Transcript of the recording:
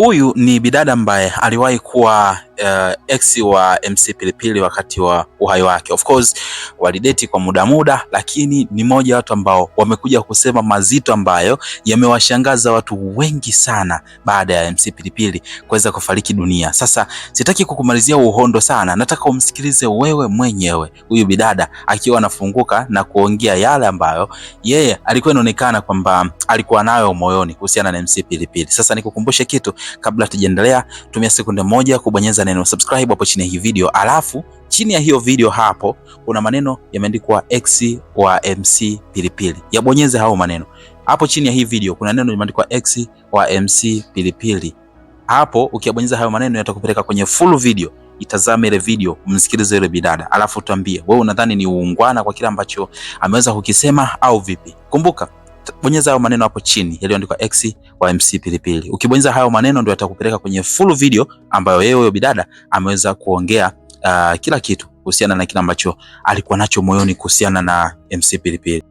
Huyu ni bidada ambaye aliwahi kuwa uh, ex wa MC Pilipili wakati wa uhai wake. Of course walideti kwa muda muda, lakini ni moja watu ambao wamekuja kusema mazito ambayo yamewashangaza watu wengi sana baada ya MC Pilipili kuweza kufariki dunia. Sasa sitaki kukumalizia uhondo sana, nataka umsikilize wewe mwenyewe huyu bidada akiwa anafunguka na kuongea yale ambayo yeye yeah, alikuwa inaonekana kwamba alikuwa nayo moyoni kuhusiana na MC Pilipili. Sasa nikukumbushe kitu kabla tujaendelea, tumia sekunde moja kubonyeza neno subscribe hapo chini ya hii video, alafu chini ya hiyo video hapo kuna maneno yameandikwa X wa MC Pilipili, yabonyeze hao maneno hapo chini ya hii video. Kuna neno limeandikwa X wa MC Pilipili hapo, ukiyabonyeza hayo maneno yatakupeleka kwenye full video. Itazame ile video, msikilize yule bidada, alafu tuambie wewe unadhani ni uungwana kwa kile ambacho ameweza kukisema au vipi? Kumbuka bonyeza hayo maneno hapo chini yaliyoandikwa X wa MC Pilipili. Ukibonyeza hayo maneno ndio yatakupeleka kwenye full video ambayo yeye huyo bidada ameweza kuongea uh, kila kitu kuhusiana na kile ambacho alikuwa nacho moyoni kuhusiana na MC Pilipili.